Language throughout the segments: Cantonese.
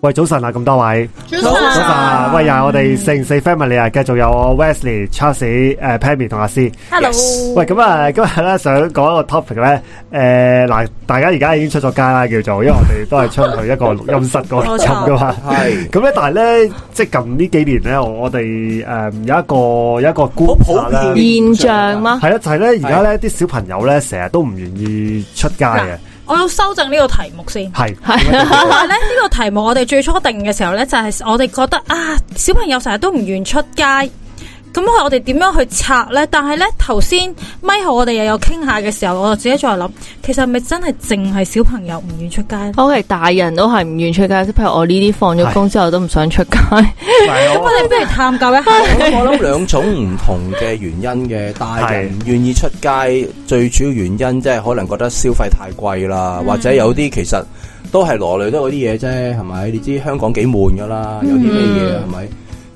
喂，早晨啊，咁多位，早晨，早晨。喂，又係我哋四零四 family 啊，繼續有 Wesley Ch、呃、Charles、誒 Pammy 同阿詩。Hello。喂，咁啊，今日咧想講一個 topic 咧，誒，嗱，大家而家已經出咗街啦，叫做，因為我哋都係出去一個錄音室嗰度浸噶嘛，係、 嗯。咁咧、 嗯，但係咧，即係近呢幾年咧，我哋誒、呃、有一個有一個好普遍現象嗎？係啦，就係、是、咧，而家咧啲小朋友咧，成日的都唔願意出街嘅。 我要修正呢個題目先是。係，但係呢、這個題目我哋最初定嘅時候呢，就係、是、我哋覺得啊，小朋友成日都唔願出街。咁我哋點樣去拆咧？但係咧，頭先咪 i 我哋又有傾下嘅時候，我就自己再諗，其實係咪真係淨係小朋友唔願出街？OK，大人都係唔願出街，即係譬如我呢啲放咗工之後是都唔想出街。咁我哋不如探究一下。是我諗兩種唔同嘅原因嘅，大人唔願意出街，最主要原因即係可能覺得消費太貴啦，是或者有啲其實都係羅累得嗰啲嘢啫，係咪？你知香港幾悶噶啦，有啲咩嘢係咪？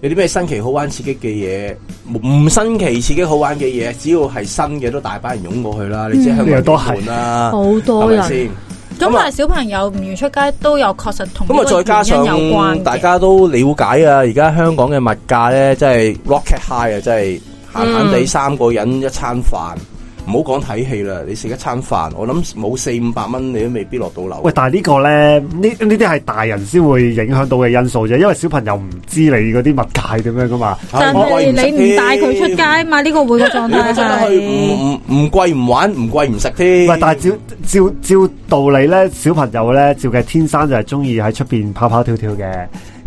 有啲咩新奇好玩刺激嘅嘢？唔新奇刺激好玩嘅嘢，只要係新嘅都大把人湧過去啦。嗯、你知香港有多悶啦、啊，好多先，咁但係小朋友唔願出街，都有確實同咁啊，再加上大家都了解啊。而家香港嘅物價咧，真係 rocket high 啊！真係閒閒地三個人一餐飯。唔好講睇戲啦，你食一餐飯，我諗冇四五百蚊，你都未必落到樓。喂，但係呢個咧，呢呢啲係大人先會影響到嘅因素啫，因為小朋友唔知你嗰啲物價點樣噶嘛。但係你唔帶佢出街嘛，呢個會個狀態就係唔唔貴唔玩，唔貴唔食添。喂，但係照照照道理咧，小朋友咧，照計，天生就係中意喺出邊跑跑跳跳嘅。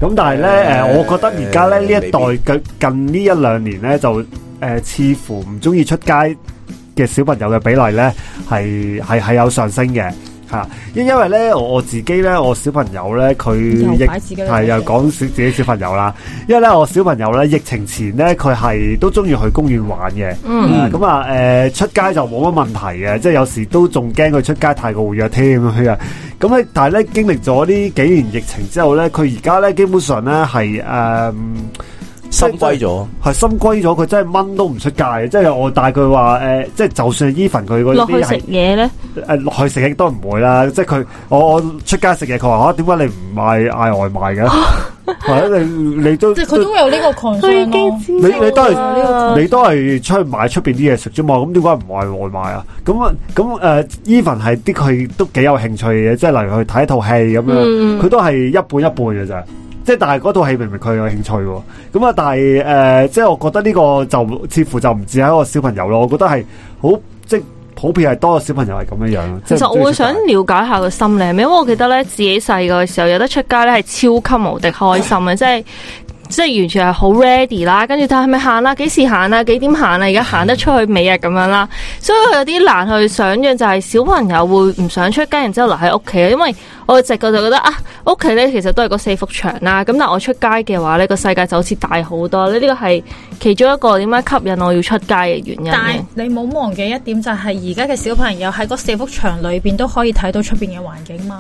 咁但係咧，誒，我覺得而家咧，呢一代嘅近，呢一兩年咧，就誒似乎唔中意出街嘅小朋友嘅比例咧，係係係有上升嘅，吓因因為咧，我我自己咧，我小朋友咧，佢亦係又講小自己小朋友啦，因為咧，我小朋友咧，疫情前咧，佢係都中意去公園玩嘅，咁啊、嗯，誒、嗯嗯嗯，出街就冇乜問題嘅，即係有時都仲驚佢出街太過活躍添啊，咁咧，但係咧，經歷咗呢幾年疫情之後咧，佢而家咧，基本上咧係誒。心歸咗，係心歸咗，佢真係掹都唔出街嘅。即係我帶佢話，誒，即係就算 Even 佢嗰啲人落去食嘢咧，誒，落去食嘢都唔會啦。即係佢，我我出街食嘢，佢話啊，點解你唔嗌嗌外賣嘅？係咯，你你都即係佢都有呢個 concept 咯。你你都係你都係出去買出邊啲嘢食啫嘛？咁點解唔嗌外賣啊？咁啊咁誒，Even 係啲佢都幾有興趣嘅，即係例如去睇一套戲咁樣，佢都係一半一半嘅咋。即係，但係嗰套戲明明佢有興趣喎，咁啊，但係誒、呃，即係我覺得呢個就似乎就唔止係一個小朋友咯，我覺得係好即係普遍係多個小朋友係咁樣樣。其實我會想了解下個心理，因為我記得咧自己細個嘅時候有得出街咧係超級無敵開心嘅， 即係。即係完全係好 ready 啦，跟住睇係咪行啦，幾時行啊，幾點行啊？而家行得出去未啊？咁樣啦，所以有啲難去想象就係、是、小朋友會唔想出街，然之後留喺屋企啊。因為我直覺就覺得啊，屋企咧其實都係嗰四幅牆啦。咁但我出街嘅話咧，個世界就好似大好多。你、這、呢個係其中一個點解吸引我要出街嘅原因。但係你冇忘記一點就係而家嘅小朋友喺嗰四幅牆裏邊都可以睇到出邊嘅環境嘛。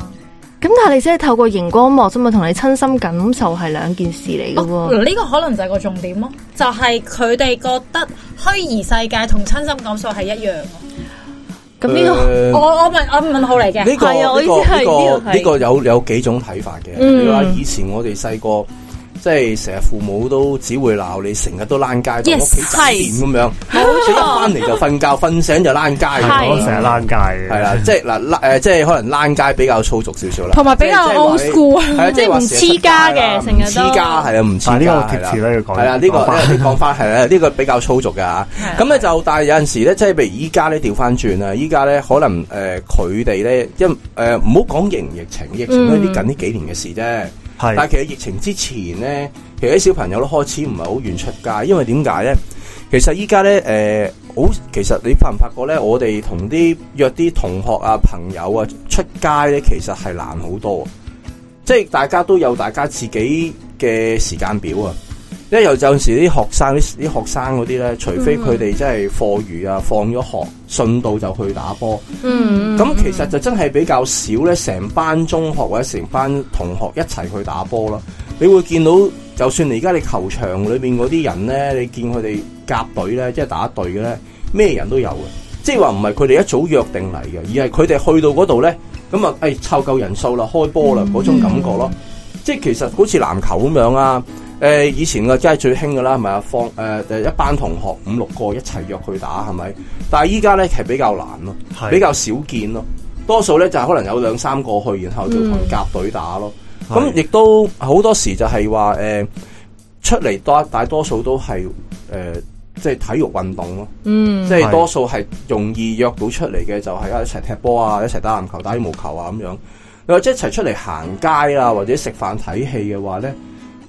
咁但係你只係透過熒光幕啫嘛，同你親身感受係兩件事嚟嘅。呢個可能就係個重點咯，就係佢哋覺得虛擬世界同親身感受係一樣。咁呢、嗯呢個、呃、我我問我問號嚟嘅。呢、呢個呢、呢個呢、呢個、個有有幾種睇法嘅。你話、嗯、以前我哋細個。即係成日父母都只會鬧你，成日都躝街，喺屋企黐線咁樣，一翻嚟就瞓覺，瞓醒就躝街，成日躝街嘅，係啦，即係嗱誒，即係可能躝街比較粗俗少少啦，同埋比較 o 即係唔黐家嘅，成日都黐家係啊，唔黐家係啊，呢個貼切要講。呢個呢個講法係咧，呢個比較粗俗嘅嚇。咁咧就但係有陣時咧，即係譬如依家咧調翻轉啦，依家咧可能誒佢哋咧因誒唔好講形疫情，疫情都係啲近呢幾年嘅事啫。係，是但係其實疫情之前咧，其實啲小朋友都開始唔係好願出街，因為點解咧？其實依家咧，誒、呃，好，其實你發唔發覺咧？我哋同啲約啲同學啊、朋友啊出街咧，其實係難好多，即係大家都有大家自己嘅時間表啊。即係有陣時啲學生、啲學生嗰啲咧，除非佢哋真係課餘啊，放咗學，順道就去打波。咁、嗯嗯、其實就真係比較少咧，成班中學或者成班同學一齊去打波咯。你會見到，就算你而家你球場裏面嗰啲人咧，你見佢哋夾隊咧，即係打一隊嘅咧，咩人都有嘅。即係話唔係佢哋一早約定嚟嘅，而係佢哋去到嗰度咧，咁啊，誒湊夠人數啦，開波啦嗰種感覺咯。即係其實好似籃球咁樣啊。誒，以前嘅梗係最興㗎啦，係咪啊？方誒，一班同學五六個一齊約去打，係咪？但係依家咧，其實比較難咯，是比較少見咯。多數咧就係、是、可能有兩三個去，然後就同夾隊打咯。咁亦都好多時就係話誒，出嚟多大多數都係誒，即、呃、係、就是、體育運動咯。嗯，即係多數係容易約到出嚟嘅就係、是、一齊踢波啊，一齊打籃球、打羽毛球啊咁樣。又或者一齊出嚟行街啊，或者食飯睇戲嘅話咧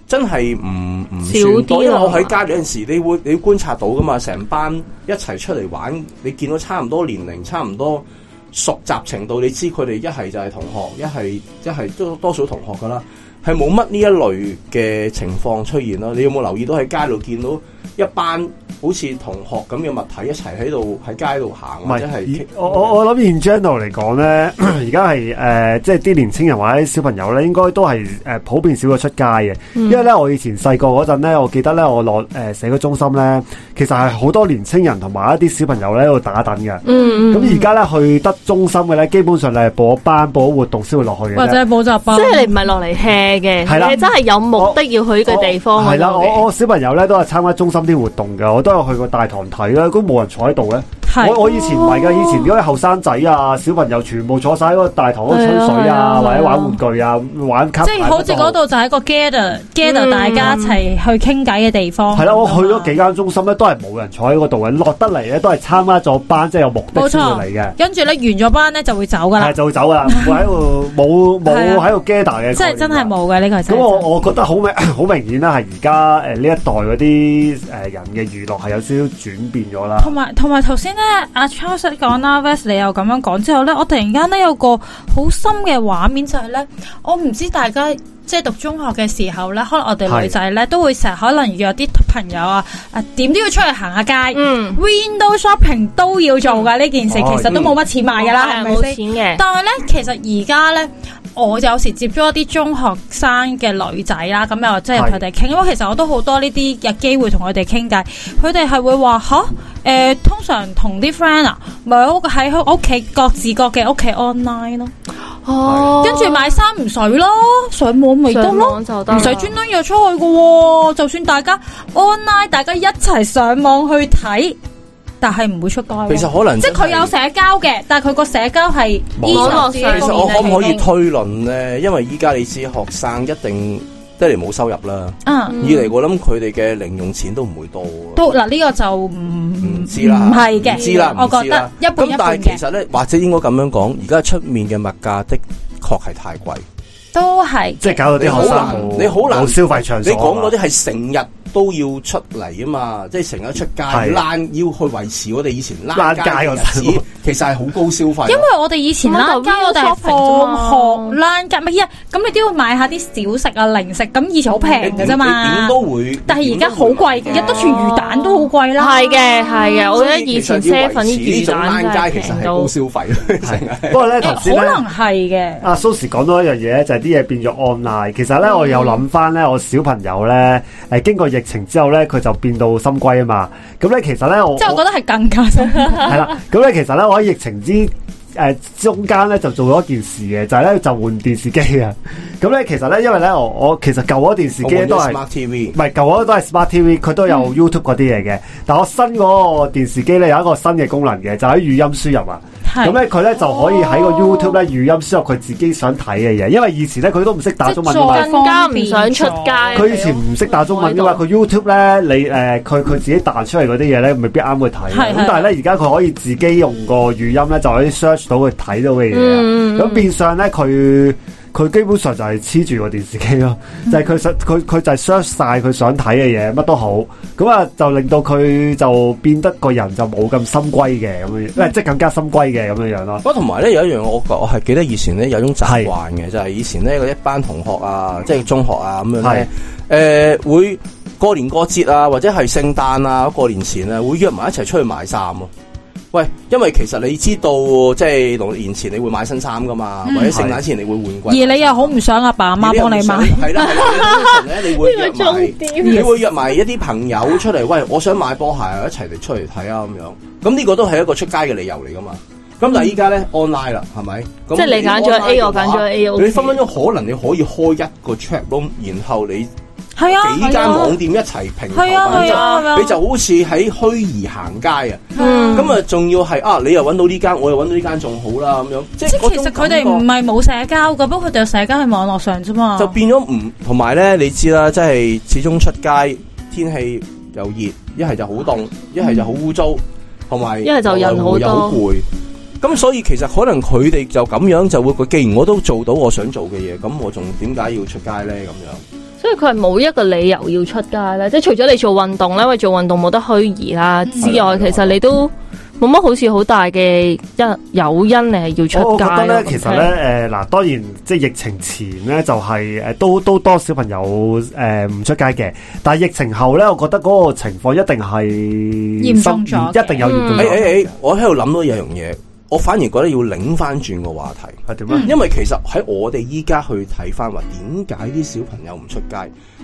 真係唔唔算多，因為我喺家有陣時，你會你會觀察到噶嘛，成班一齊出嚟玩，你見到差唔多年齡，差唔多熟習程度，你知佢哋一係就係同學，一係一係多數同學噶啦。係冇乜呢一類嘅情況出現咯。你有冇留意到喺街度見到一班好似同學咁嘅物體一齊喺度喺街度行？唔係是，我我我諗 in general 嚟講咧，而家係誒，即係啲年青人或者小朋友咧，應該都係誒普遍少咗出街嘅。嗯、因為咧，我以前細個嗰陣咧，我記得咧，我落誒社區中心咧，其實係好多年青人同埋一啲小朋友咧喺度打等嘅。咁而家咧去得中心嘅咧，基本上你係報班報活動先會落去嘅。或者補習班。即係你唔係落嚟 hea？係嘅，係啦，你真係有目的要去嘅地方。係啦，我的我，我小朋友咧都係參加中心啲活動嘅，我都有去過大堂睇啦，都冇人坐喺度咧。我我以前唔係㗎，以前啲後生仔啊、小朋友全部坐晒喺個大堂度吹水啊，或者玩玩具啊、玩即係好似嗰度就係一個 gather gather 大家一齊去傾偈嘅地方。係啦，我去咗幾間中心咧，都係冇人坐喺個度嘅，落得嚟咧都係參加咗班，即係有目的嚟嘅。跟住咧完咗班咧就會走㗎啦，就會走㗎，冇冇喺度 gather 嘅。即係真係冇㗎呢個。咁我我覺得好明好明顯啦，係而家誒呢一代嗰啲誒人嘅娛樂係有少少轉變咗啦。同埋同埋頭先咧。阿、啊、Charles 講啦，Wes 你又咁樣講之後咧，我突然間咧有個好深嘅畫面就係咧，我唔知大家即係讀中學嘅時候咧，可能我哋女仔咧是都會成日可能約啲朋友啊，誒、啊、點都要出去行下街，嗯，window shopping 都要做噶呢、嗯、件事，其實都冇乜錢買噶啦，係冇、嗯、錢嘅？但係咧，其實而家咧。我有時接觸一啲中學生嘅女仔啦，咁又即係佢哋傾。因為其實我都好多呢啲嘅機會同佢哋傾偈，佢哋係會話吓，誒、呃、通常同啲 friend 啊，咪喺屋喺屋企各自各嘅屋企 online 咯、啊，哦，跟住買衫唔使咯，上網咪得咯，唔使專登約出去㗎喎。啊、就算大家 online，大家一齊上網去睇。但係唔會出街。其實可能即係佢有社交嘅，但係佢個社交係網絡嘅。其實我可唔可以推論咧？因為依家你知學生一定一嚟，冇收入啦，二嚟我諗佢哋嘅零用錢都唔會多。都嗱呢個就唔唔知啦，唔係嘅，知啦，我覺得一半一半嘅。但係其實咧，或者應該咁樣講，而家出面嘅物價的確係太貴，都係即係搞到啲好難你好難消費場所。你講嗰啲係成日。都要出嚟啊嘛，即係成日出街攔，要去維持我哋以前攔街嘅日子，其實係好高消費。因為我哋以前攔街，我哋放學攔街，咪嘢咁你都要買下啲小食啊、零食，咁以前好平嘅啫嘛。點都會？但係而家好貴，日都串魚蛋都好貴啦。係嘅，係嘅，我覺得以前啡粉啲魚蛋其實係高消費。不過咧，可能係嘅。阿 Sosze 講到一樣嘢就係啲嘢變咗 online。其實咧，我又諗翻咧，我小朋友咧係經過疫。疫情之後咧，佢就變到心歸啊嘛。咁、嗯、咧其實咧，我即係我覺得係更加深。 係、嗯、啦，咁咧其實咧，我喺疫情之誒、呃、中間咧，就做咗一件事嘅，就係、是、咧就換電視機啊。咁 咧、嗯、其實咧，因為咧我我其實舊嗰電視機都係 Smart TV，唔係舊嗰都係 Smart TV，佢都有 YouTube 嗰啲嘢嘅。嗯、但我新嗰個電視機咧有一個新嘅功能嘅，就喺語音輸入啊。咁咧，佢咧、嗯哦、就可以喺個 YouTube 咧語音輸入佢自己想睇嘅嘢。因為以前咧佢都唔識打中文啊嘛，更加唔想出街，佢以前唔識打中文啊嘛，佢 YouTube 咧，你誒，佢、呃、佢自己彈出嚟嗰啲嘢咧，未必啱佢睇，咁、嗯、但係咧而家佢可以自己用個語音咧就可以 search 到佢睇到嘅嘢，咁、嗯、變相咧佢。佢基本上就係黐住個電視機咯，就係佢實佢佢就係 search 晒佢想睇嘅嘢，乜都好，咁啊就令到佢就變得個人就冇咁心歸嘅咁樣，即係更加心歸嘅咁樣樣咯。不過同埋咧有一樣我我係記得以前咧有種習慣嘅，是就係以前咧一班同學啊，即係中學啊咁樣咧，誒是、呃、會過年過節啊，或者係聖誕啊過年前咧、啊，會約埋一齊出去買衫啊。喂，因為其實你知道，即係六年前你會買新衫噶嘛，嗯、或者聖誕前你會換季，而你又好唔想阿、啊、爸阿媽幫你買，係啦，呢個重點。你會約埋 一啲朋友出嚟， 喂，我想買波鞋啊，一齊嚟出嚟睇啊，咁樣，咁呢個都係一個出街嘅理由嚟噶嘛。咁、嗯、但係依家咧 online 啦，係咪？即係是 你揀咗 A，我揀咗 A、OK、你分分鐘可能你可以開一個 chat room，然後你。啊、幾間網店一齊平頭競爭，啊啊啊啊、你就好似喺虛擬行街啊！咁啊、嗯，仲要係啊，你又揾到呢間，我又揾到呢間，仲好啦咁樣。即係其實佢哋唔係冇社交噶，不過佢哋有社交喺網絡上啫嘛。就變咗唔同埋咧，你知啦，即係始終出街天氣又熱，一係就好凍，一係、嗯、就好污糟，同埋一係就人好多又好攰。咁所以其實可能佢哋就咁樣就會，既然我都做到我想做嘅嘢，咁我仲點解要出街咧？咁樣。佢係冇一個理由要出街咧，即係除咗你做運動咧，因為做運動冇得虛擬啦之外，其實你都冇乜好似好大嘅因誘因，你係要出街咧。呢不其實咧，誒、呃、嗱，當然即係疫情前咧、就是，就係誒都都多小朋友誒唔、呃、出街嘅，但係疫情後咧，我覺得嗰個情況一定係嚴重咗，一定有嚴重。誒誒誒，hey, hey, hey, 我喺度諗到有樣嘢。我反而覺得要擰翻轉個話題係點啊？因為其實喺我哋依家去睇翻話點解啲小朋友唔出街，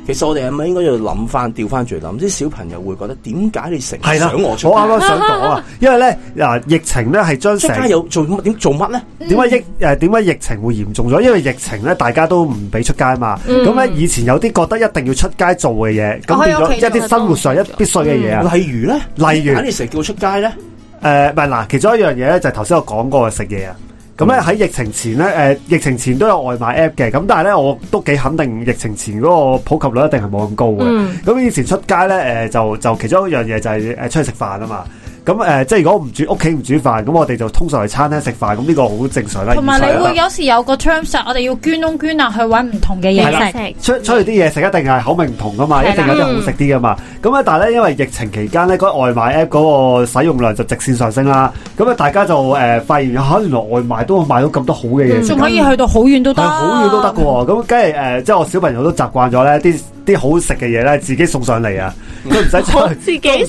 其實我哋係咪應該要諗翻調翻轉諗啲小朋友會覺得點解你成日想我出街啊？我啱啱想講啊。因為咧嗱，疫情咧係將出街做點做乜咧？點解疫誒點解疫情會嚴重咗？因為疫情咧大家都唔俾出街嘛。咁咧以前有啲覺得一定要出街做嘅嘢，咁變咗一啲生活上一必須嘅嘢啊。例如咧，例如，你成日叫出街咧？誒，唔係嗱，其中一樣嘢咧就係頭先我講過嘅食嘢啊，咁咧喺疫情前咧，誒、呃、疫情前都有外賣 app 嘅，咁但係咧我都幾肯定，疫情前嗰個普及率一定係冇咁高嘅。咁、嗯、以前出街咧，誒、呃、就就其中一樣嘢就係誒出去食飯啊嘛。咁誒、呃，即係如果唔煮屋企唔煮飯，咁我哋就通常去餐廳食飯，咁呢個好正常啦。同埋你會有時有個 challenge 我哋要捐窿捐，捐，捐啊去搵唔同嘅嘢的食。出出嚟啲嘢食一定係口味唔同噶嘛，的一定有啲好食啲噶嘛。咁啊、嗯，但係咧因為疫情期間咧，嗰外賣 app 嗰個使用量就直線上升啦。咁啊，大家就誒、呃、發現原來外賣都賣到咁多好嘅嘢，仲、嗯、間可以去到好遠都得，好遠都得噶。咁梗係誒，即係我小朋友都習慣咗咧，啲啲好食嘅嘢咧，自己送上嚟啊！佢唔使出，唔使出去，出去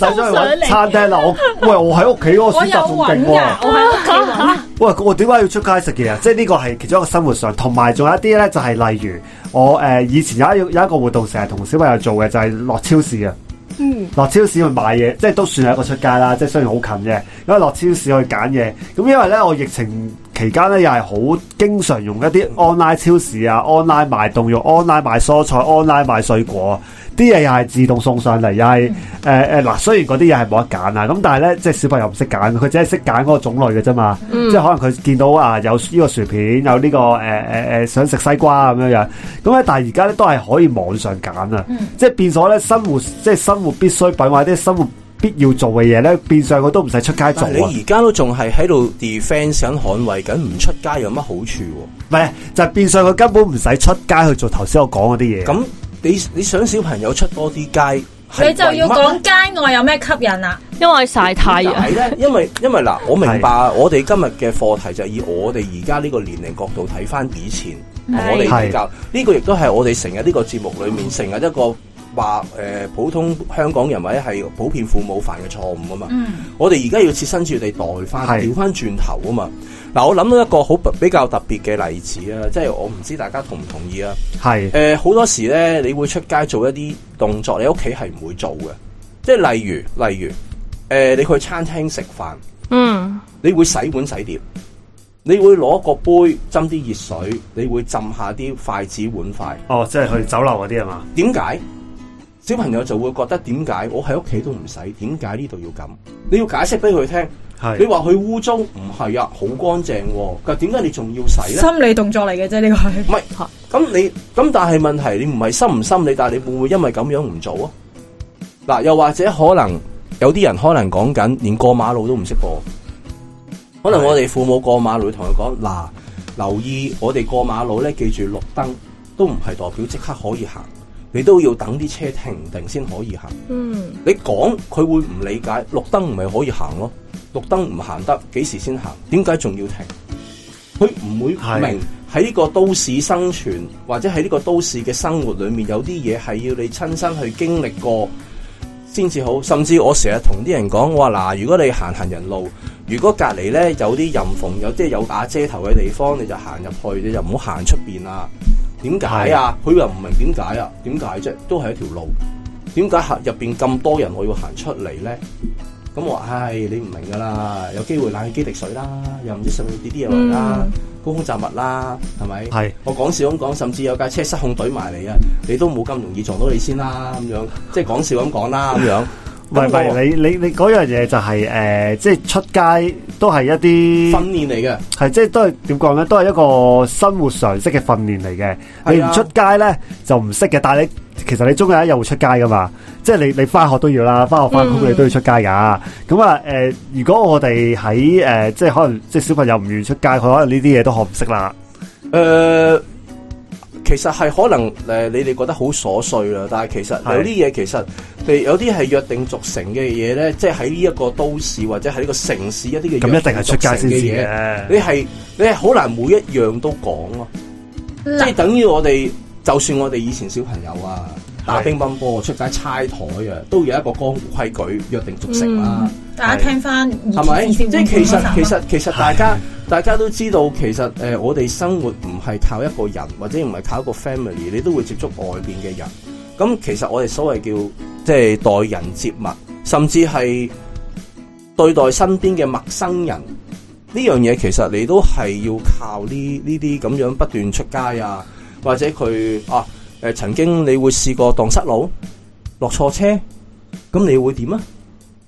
餐廳啦。你的 我喂，我喺屋企， 我選擇仲勁喎。我喺屋企。喂，我點解要出街食嘢啊？即係呢個係其中一個生活上，同埋仲有一啲咧，就係、是、例如我誒、呃、以前有一有一個活動，成日同小朋友做嘅，就係、是、落超市啊。嗯，落超市去買嘢，即係都算係一個出街啦。即係雖然好近嘅，因為落超市去揀嘢。咁因為咧，我疫情，期間咧又係好經常用一啲 online 超市啊，online 賣凍肉，online 賣蔬菜，online 賣水果，啲嘢，又係自動送上嚟，又係誒誒嗱，雖然嗰啲嘢係冇得揀啊，咁但係咧即係小朋友唔識揀，佢只係識揀嗰個種類嘅啫嘛，嗯、即係可能佢見到啊有呢個薯片，有呢、個誒誒誒想食西瓜咁樣樣，咁咧但係而家咧都係可以網上揀啊，嗯、即係變咗咧生活即係、就是、生活必需品或者生活。必要做嘅嘢咧，變相佢都唔使出街做。你而家都仲係喺度 defence 緊、捍衛緊，唔出街有乜好處啊？唔係，就係、是、變相佢根本唔使出街去做。頭先我講嗰啲嘢，咁你你想小朋友出多啲街，你就要講街外有咩吸引啊？因， 因為曬太陽。係咧，因為因為嗱，我明白 我哋今日嘅課題就係以我哋而家呢個年齡角度睇翻以前是同我哋比較呢是個，亦都係我哋成日呢個節目裏面成日一個。話誒、呃，普通香港人或者係普遍父母犯嘅錯誤啊嘛。嗯。我哋而家要設身處地代翻，調翻轉頭啊嘛。嗱、呃，我諗到一個好比較特別嘅例子啊，即、就、係、是、我唔知大家同唔同意啊。係是。誒、呃，好多時咧，你會出街做一啲動作，你屋企係唔會做嘅。即、就、係、是、例如，例如，誒、呃，你去餐廳食飯，嗯，你會洗碗洗碟，你會攞個杯斟啲熱水，你會浸一下啲筷子碗筷。嗯、哦，即係去酒樓嗰啲吖嘛？點解、哦？哦小朋友就會覺得點解我喺屋企都唔使，點解呢度要咁？你要解釋俾佢聽。係是你話佢污糟唔係啊，好乾淨。嗱，點解你仲要洗咧？心理動作嚟嘅啫，呢、這個係唔係？咁 你咁但係問題，你唔係心唔心理，但係你會唔會因為咁樣唔做啊？嗱，又或者可能有啲人可能講緊，連過馬路都唔識過。可能我哋父母過馬路同佢講：嗱是、啊，留意我哋過馬路咧，記住綠燈都唔係代表即刻可以行。你都要等啲車停定先可以行。嗯，你講佢會唔理解，綠燈唔係可以行咯，綠燈唔行得，幾時先行？點解仲要停？佢唔會明喺呢個都市生存，或者喺呢個都市嘅生活裏面，有啲嘢係要你親身去經歷過先至好。甚至我成日同啲人講，我話嗱，如果你行行人路，如果隔籬咧有啲簷篷、有啲有瓦遮頭嘅地方，你就行入去，你就唔好行出邊啦。點解啊？佢又唔明點解啊？點解啫？都係一條路。點解行入邊咁多人我要行出嚟咧？咁我話：唉、哎，你唔明噶啦。有機會冷氣機滴水啦，又唔知上面啲啲嘢嚟啦，嗯、高空雜物啦，係咪？係是我講笑咁講，甚至有架車失控懟埋嚟啊！你都冇咁容易撞到你先啦，咁樣即係講笑咁講啦，咁樣。 唔係你你你嗰樣嘢就係、是、誒、呃，即係出街都係一啲訓練嚟嘅，係即係都係點講咧？都係一個生活常識嘅訓練嚟嘅。啊、你唔出街咧就唔識嘅，但係你其實你終有一日會出街噶嘛？即係你你翻學都要啦，翻學翻工你都要出街噶、啊。咁啊誒，如果我哋喺誒，即係可能即係小朋友唔願意出街，佢可能呢啲嘢都學唔識啦。誒、呃。其實係可能誒、呃，你哋覺得好瑣碎啦，但係其實有啲嘢其實，譬有啲係約定俗成嘅嘢咧，即係喺呢一個都市或者喺呢個城市一啲嘅，咁一定係出街先嘅嘢。你係你係好難每一樣都講咯，即係等於我哋，就算我哋以前小朋友啊。打乒乓波、出街猜台啊，都有一個江湖規矩，約定俗成啦。嗯、是大家聽翻，係咪吧？即係其實，其實，其實大家的大家都知道，其實誒、呃，我哋生活唔係靠一個人，或者唔係靠一個 family，你都會接觸外邊嘅人。咁、嗯、其實我哋所謂叫即係待人接物，甚至係對待身邊嘅陌生人呢樣嘢，其實你都係要靠呢呢啲咁樣不斷出街啊，或者佢啊。誒，曾經你會試過蕩失路、落錯車，咁你會點啊？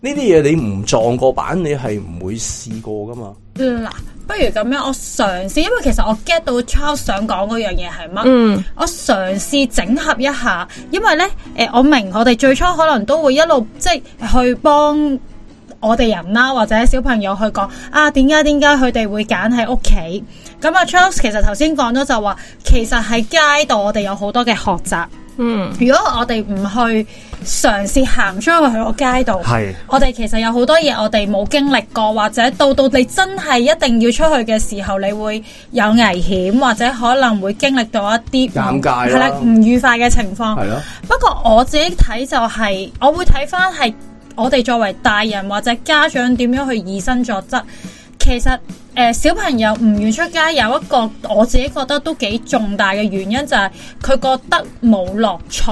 呢啲嘢你唔撞過板，你係唔會試過噶嘛？嗱、啊，不如咁樣，我嘗試，因為其實我 get 到 Charles 想講嗰樣嘢係乜？嗯，我嘗試整合一下，因為咧誒、呃，我明我哋最初可能都會一路即係去幫。我哋人啦，或者小朋友去講啊，點解點解佢哋會揀喺屋企？咁、啊、阿 Charles 其實頭先講咗就話，其實喺街道我哋有好多嘅學習。嗯，如果我哋唔去嘗試行出去去個街道，係是我哋其實有好多嘢我哋冇經歷過，或者到到你真係一定要出去嘅時候，你會有危險，或者可能會經歷到一啲尷尬係啦，唔愉快嘅情況。係咯的。不過我自己睇就係、是，我會睇翻係。我哋作為大人或者家長點樣去以身作則？其實誒、呃，小朋友唔願出街有一個我自己覺得都幾重大嘅原因就係、是、佢覺得冇樂趣。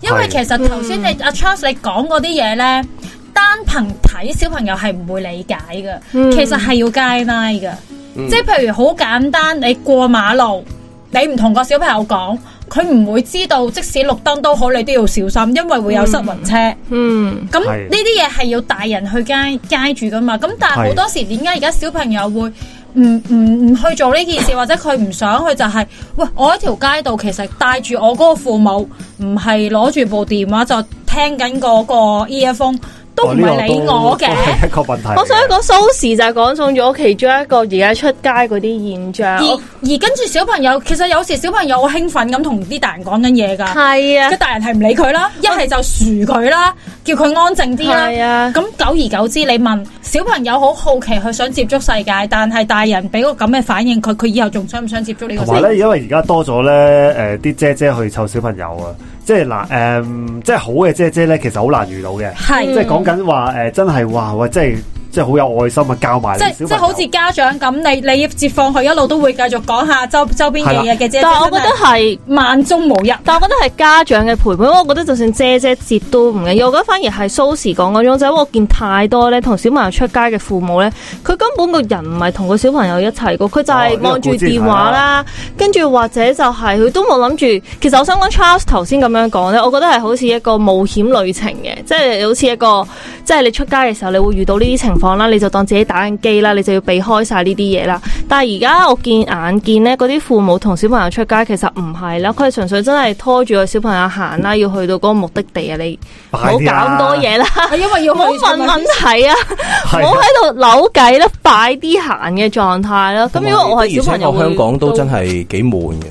因為其實頭先你阿 Charles 是你講嗰啲嘢咧，單憑睇小朋友係唔會理解嘅，嗯、其實係要 guide 嘅。嗯、即係譬如好簡單，你過馬路，你唔同個小朋友講。佢唔會知道，即使綠燈都好，你都要小心，因為會有失魂車。嗯，咁呢啲嘢係要大人去街街住噶嘛？咁但係好多時，點解而家小朋友會唔唔去做呢件事，或者佢唔想去？就係、是、喂，我喺條街度，其實帶住我嗰個父母，唔係攞住部電話就聽緊嗰個 earphone。都唔係理我嘅，哦、問題我想講 Sosze 就係講中咗其中一個而家出街嗰啲現象。而而跟住小朋友，其實有時小朋友好興奮咁同啲大人講緊嘢噶，啲、啊、大人係唔理佢啦，一係我就豎佢啦，叫佢安靜啲啦。咁、啊、久而久之，你問小朋友好好奇，佢想接觸世界，但係大人俾個咁嘅反應，佢佢以後仲想唔想接觸呢個世界？同埋咧，因為而家多咗咧，誒、呃，啲姐姐去湊小朋友啊。即係嗱，誒、嗯，即係好嘅姐姐咧，其實好難遇到嘅，是即係講緊話，誒、呃，真係哇，喂，即係。即係好有愛心啊，交埋即即係好似家長咁，你你要接放學一路都會繼續講下周周邊嘅嘢嘅。但係我覺得係萬中無一，但我覺得係家長嘅陪伴。 我覺得就算姐姐接都唔緊要， 我覺得反而係 Sosze 講嗰種。就係我見太多咧，同小朋友出街嘅父母咧，佢根本個人唔係同個小朋友一齊嘅，佢就係望住電話啦。跟住、哦這個、或者就係、是、佢的、就是、都冇諗住。其實我想講 Charles 頭先咁樣講咧，我覺得係好似一個冒險旅程嘅，即係好似一個即係你出街嘅時候，你會遇到呢啲情況。 啦，你就當自己打緊機啦，你就要避開晒呢啲嘢啦。但係而家我見眼見咧，嗰啲父母同小朋友出街，其實唔係啦，佢係純粹真係拖住個小朋友行啦，要去到嗰個目的地啊！你，唔好搞咁多嘢啦，唔好問問題啊，唔好喺度扭計啦，快啲行嘅狀態啦。咁樣我係小朋友，香港都真係幾悶嘅。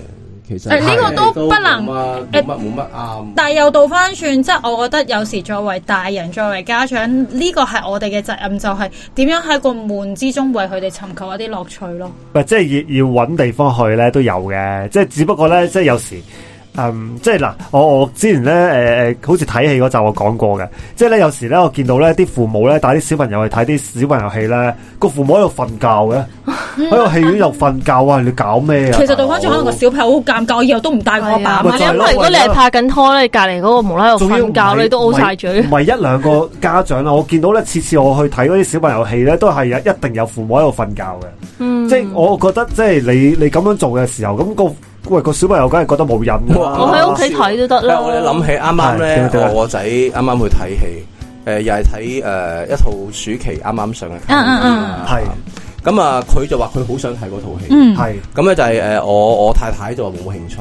誒，呢個都不能冇乜冇乜啱。呃呃、但係又倒翻轉，即係我覺得有時作為大人、作為家長，呢個係我哋嘅責任，就係、是、點樣喺個悶之中為佢哋尋求一啲樂趣咯、呃。即係要要揾地方去咧，都有嘅。即係只不過咧，即係有時，嗯，即係嗱，我我之前咧，誒、呃、誒，好似睇戲嗰陣我講過嘅，即係咧有時咧，我見到咧啲父母咧帶啲小朋友去睇啲小朋友戲咧，個父母喺度瞓覺嘅。喺個戲院又瞓覺啊！你搞咩啊？其實對方就可能個小朋友好尷尬，以後都唔帶我爸爸，因為如果你係拍緊拖咧，你隔籬嗰個無啦啦又瞓覺，你都烏晒嘴。唔係一兩個家長啦，我見到咧，次次我去睇嗰啲小朋友戲咧，都係有一定有父母喺度瞓覺嘅。即係我覺得，即係你你咁樣做嘅時候，咁個喂個小朋友，梗係覺得冇癮。我喺屋企睇都得啦。我諗起啱啱咧，我仔啱啱去睇戲，誒，又係睇誒一套暑期啱啱上嘅，嗯嗯嗯，係。咁啊，佢就話佢好想睇嗰套戲，係咁咧就係、是、誒、呃，我我太太就話冇興趣，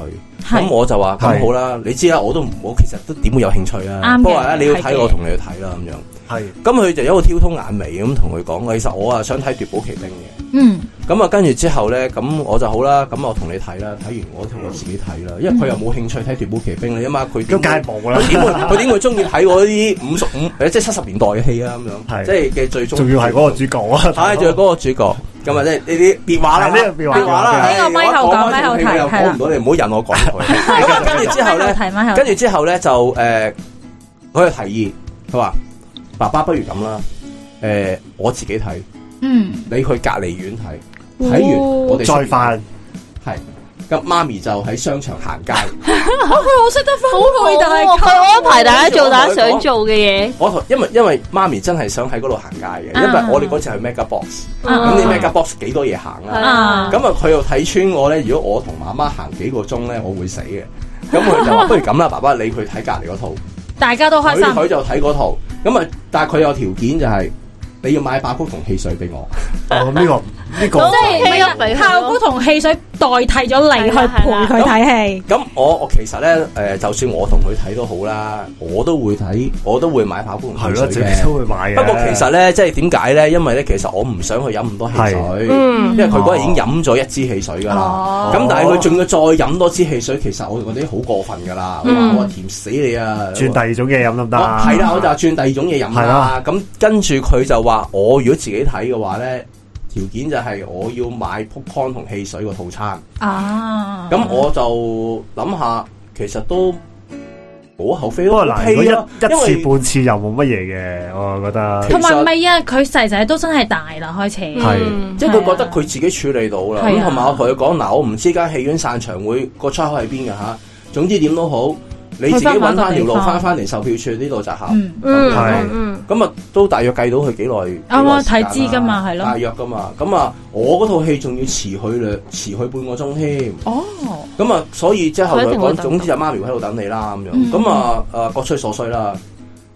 咁是我就話咁是好啦，你知啦，我都唔好。」其實都點會有興趣啊，的不過咧、啊、你要睇我同的你去睇啦，咁樣。係，咁佢就一個挑通眼眉咁同佢講，其實我啊想睇奪寶奇兵嘅。嗯，咁啊跟住之後咧，咁我就好啦，咁我同你睇啦，睇完我同我自己睇啦，因為佢又冇興趣睇奪寶奇兵你啦嘛，佢梗係冇啦。點佢點會中意睇嗰啲五十五即係七十年代嘅戲啊咁樣。係，即係嘅最終。仲要係嗰個主角啊！唉，仲係嗰個主角。咁啊，即係呢啲別話啦，呢啲別話啦。喺個麥後講，麥後睇。係啦。我講唔到你，唔好引我講佢。跟住之後咧，跟住之後咧就誒，我嘅提議，佢話。爸爸，不如咁啦，誒我自己睇，你去隔離院睇，睇完我哋再翻。係咁媽咪就喺商場行街，佢好識得翻好攰，但係，佢安排大家做大家想做嘅嘢。我因為因為媽咪真係想喺嗰度行街嘅，因為我哋嗰次去 mega box，咁你 mega box 幾多嘢行啦？咁啊佢又睇穿我咧，如果我同媽媽行幾個鐘咧，我會死嘅。咁佢就，不如咁啦，爸爸你去睇隔離嗰套，大家都開心，佢就睇嗰套。嗯、但係佢有條件就係、是、你要買爆谷同汽水俾我。哦、 啊，呢個呢個，這個 嗯、即係爆谷同汽水。代替咗嚟去陪佢睇戲，咁我我其實咧，誒，就算我同佢睇都好啦，我都會睇，我都會買爆谷。係咯，自己都會買嘅。不過其實咧，即係點解咧？因為咧，其實我唔想去飲咁多汽水，因為佢嗰日已經飲咗一支汽水噶啦。咁但係佢仲要再飲多支汽水，其實我覺得好過分噶啦，我話甜死你啊！轉第二種嘢飲得唔得？係啦，我就轉第二種嘢飲啦。咁跟住佢就話，我如果自己睇嘅話咧。條件就係我要買鋪 con 同汽水個套餐，咁、啊、我就諗下，其實都無可悔非咯，嗱，一為一次半次又冇乜嘢嘅，我覺得。同埋唔係啊，佢細細都真係大啦，開始，即係佢覺得佢自己處理到啦。咁同埋我同佢講嗱，我唔知間戲院散場會個出口喺邊嘅嚇，總之點都好。你自己揾翻條路翻翻嚟售票處呢度集合，係、嗯，咁啊都大約計到佢幾耐？啱啊吧，睇資噶嘛，係咯，大約噶嘛。咁啊，我嗰套戲仲要遲去兩，遲去半個鐘添。哦，咁啊，所以即係後來講，總之就媽咪會喺度等你啦，咁樣，咁啊，誒，各取所需啦。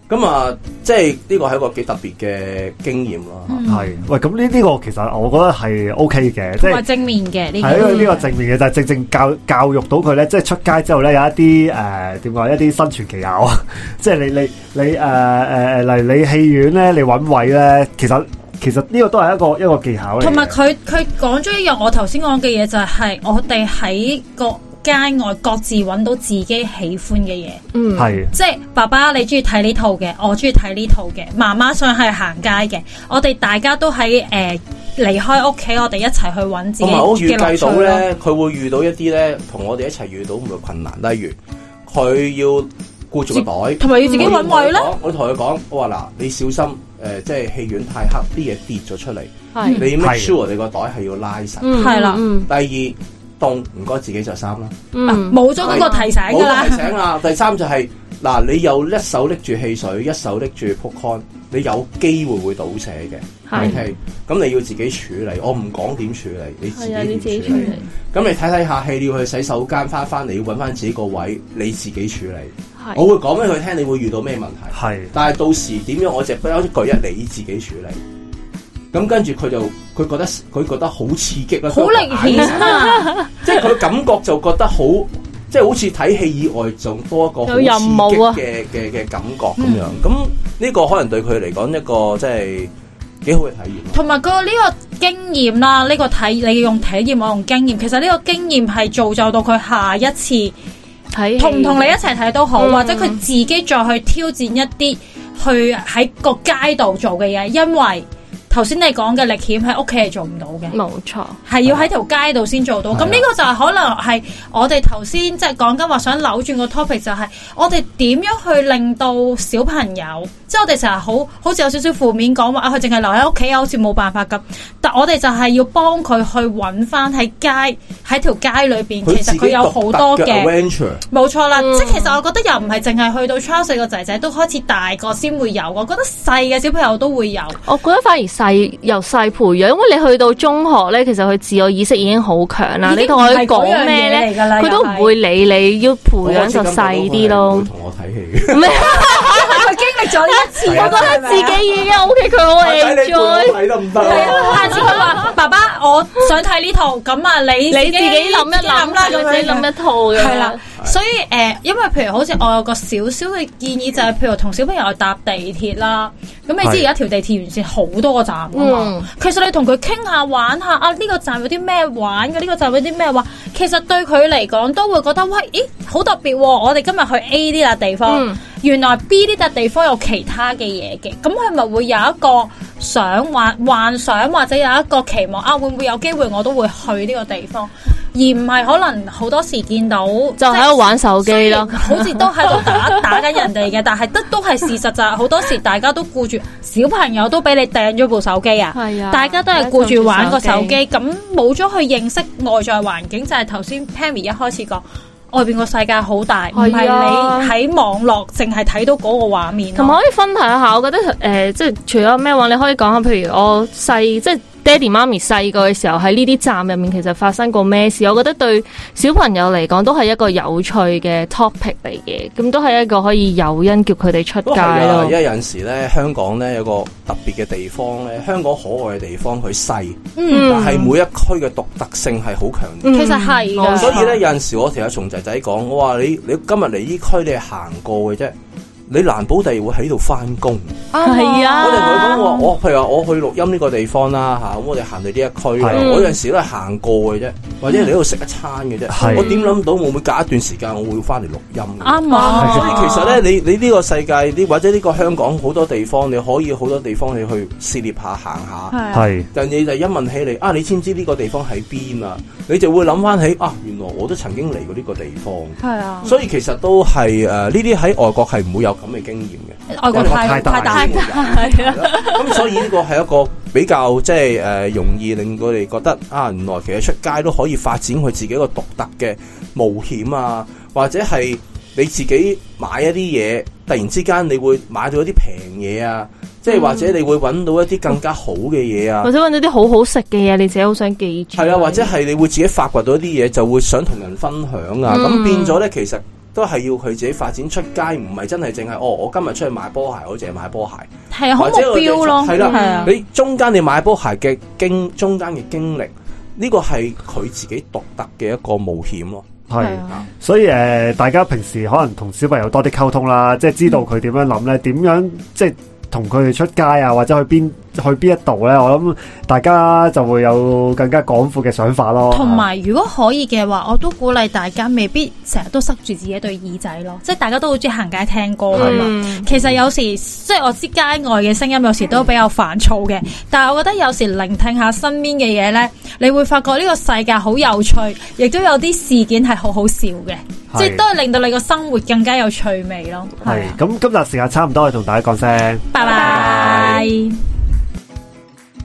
咁啊，即係呢個係一個幾特別嘅經驗咯，係、嗯、喂，咁呢呢個其實我覺得係 O K 嘅，即係正面嘅，係呢、呢個正面嘅就係、正正教教育到佢咧，即係出街之後咧有一啲誒點講一啲生存技巧，啊。 即係你你你誒誒誒，例如你戲、呃呃、院咧你揾位咧，其實其實呢個都係一個一個技巧同埋佢佢講咗一樣我頭先講嘅嘢就係、是、我哋喺個。街外各自揾到自己喜歡嘅嘢，嗯係，是的 即係爸爸你中意睇呢套嘅，我中意睇呢套嘅，媽媽想去行街嘅，我哋大家都喺誒離開屋企，我哋一齊去揾自己嘅嘢做咯。我預計到咧，佢、嗯、會遇到一啲咧，同我哋一齊遇到唔同困難，例如佢要顧住個袋，同埋要自己揾位咧。我同佢講，我話嗱，你小心誒、呃，即係戲院太黑，啲嘢跌咗出嚟，係是的 你 make sure 你個袋係要拉實，係啦、嗯嗯嗯嗯，第二。凍唔該自己着衫啦，冇咗嗰個提醒噶啦。提醒喇！ 第三就係、是、嗱，你有一手拎住汽水，一手拎住 popcorn，你有機會會倒瀉嘅，係咁是、okay? 你要自己處理。我唔講點處理，你自己處理。咁是你睇睇下，戲是要去洗手間翻翻嚟，要揾翻自己個位，你自己處理。我會講俾佢聽，你會遇到咩問題。係，但係到時點樣，我就不一舉一你自己處理。咁跟住佢就佢覺得佢覺得好刺激啦，好明顯啊！ 即係佢感覺就覺得好，即係好似睇戲以外仲多一個好任務嘅嘅嘅感覺咁樣。咁、這、呢個可能對佢嚟講一個即係幾好嘅體驗。同埋個呢個經驗啦，呢、這個體你用體驗我用經驗，其實呢個經驗係造就到佢下一次睇同唔同你一齊睇都好，嗯、或者佢自己再去挑戰一啲去喺個街度做嘅嘢，因為。頭先你講嘅歷險喺屋企係做唔到嘅，冇錯，係要喺條街度先做到。咁呢個就係可能係我哋頭先即係講緊話想扭轉個 topic，就係我哋點樣去令到小朋友，即係我哋成日好好似有少少負面講話，佢淨係留喺屋企啊，好似冇辦法咁。但我哋就係要幫佢去揾翻喺街喺條街裏邊，其實佢有好多嘅，冇錯啦。嗯、即係其實我覺得又唔係淨係去到 Charles 個仔仔都開始大個先會有，我覺得細嘅小朋友都會有。我覺得反而小係由細培養，因為你去到中學咧，其實佢自我意識已經好強啦。你同佢講咩咧，佢都唔會理你。要培養就細啲咯。同我睇戲，唔係，佢經歷咗一次，我覺得自己已經 OK。佢好 enjoy。睇都唔得。係啊，下次佢話爸爸，我想睇呢套，咁啊，你你自己諗一諗啦，自己諗一套嘅。所以誒、呃，因為譬如好似我有個少少嘅建議，就係、是、譬如同小朋友去搭地鐵啦。咁你知而家條地鐵線好多個站嘅嘛？嗯、其實你同佢傾下玩下啊，呢、這個站有啲咩玩嘅？呢、這個站有啲咩玩，其實對佢嚟講都會覺得，喂，咦、欸，好特別喎、啊！我哋今日去 A 啲笪地方，嗯、原來 B 啲笪地方有其他嘅嘢嘅。咁佢咪會有一個想幻幻想或者有一個期望啊？會唔會有機會我都會去呢個地方？而唔係可能好多時見到就喺度玩手機咯，好似都喺度打打緊人哋嘅，但係都都係事實就係好多時大家都顧住小朋友都俾你掟咗部手機啊，係啊，大家都係顧住玩個手機，咁冇咗去認識外在環境，就係頭先 Pammy 一開始講外邊個世界好大，唔係 你喺網絡淨係睇到嗰個畫面，同埋可以分享下，我覺得誒、呃，即係除咗咩話，你可以講下，譬如我細即係。爹哋媽咪細個嘅時候喺呢啲站入面，其實發生過咩事？我覺得對小朋友嚟講都係一個有趣嘅 topic 嚟嘅，咁都係一個可以誘因叫佢哋出街咯。因為、啊、有陣時咧，香港咧有個特別嘅地方咧，香港可愛嘅地方佢細，係每一區嘅獨特性係好強烈。其實係，嗯、所以咧、嗯、有陣時我成日同仔仔講，我話你你今日嚟呢區你係行過嘅啫。你難保第二會喺度翻工啊！係啊！我哋同佢講話，我譬如話我去錄音呢個地方啦，吓、啊、咁我哋行到呢一區，的我有陣時都係行過嘅啫，嗯、或者你喺度食一餐嘅啫。的我點諗到會唔會隔一段時間我會翻嚟錄音？啱啊！所以的其實咧，你你呢個世界，啲或者呢個香港好多地方，你可以好多地方你去涉獵下行下，係。的的但你就一問起嚟，啊，你知唔知呢個地方喺邊啊？你就會諗翻起啊，原來我都曾經嚟過呢個地方。係啊，所以其實都係誒，呢啲喺外國係唔會有咁嘅經驗嘅。外國太大太大啦，咁 所以呢個係一個比較即係誒，容易令佢哋覺得啊，原來其實出街都可以發展佢自己一個獨特嘅冒險啊，或者係。你自己買一啲嘢，突然之間你會買到一啲平嘢啊，即係或者你會揾到一啲更加好嘅嘢啊，或者揾到啲好好食嘅嘢，你自己好想記住。係啦，或者係你會自己發掘到一啲嘢，就會想同人分享啊。咁、嗯、變咗咧，其實都係要佢自己發展出街，唔係真係淨係哦。我今日出去買波鞋，我淨係買波鞋，係好啊，或者目標咯。係啦，你中間你買波鞋嘅經，中間嘅經歷，呢、這個係佢自己獨特嘅一個冒險咯、啊。係，的所以誒、呃，大家平時可能同小朋友多啲溝通啦，即係知道佢點樣諗咧，點、嗯、樣即係。同佢哋出街啊，或者去邊去邊一度咧，我諗大家就會有更加廣闊嘅想法咯。同埋，如果可以嘅話，我都鼓勵大家未必成日都塞住自己對耳仔咯，即係大家都好中意行街聽歌係嘛。嗎其實有時即係我知街外嘅聲音，有時都比較煩躁嘅。但係我覺得有時聆聽下身邊嘅嘢咧，你會發覺呢個世界好有趣，亦都有啲事件係好好笑嘅。即係都係令到你個生活更加有趣味咯。係咁，今日時間差唔多，我同大家講聲，拜拜 bye。Bye bye。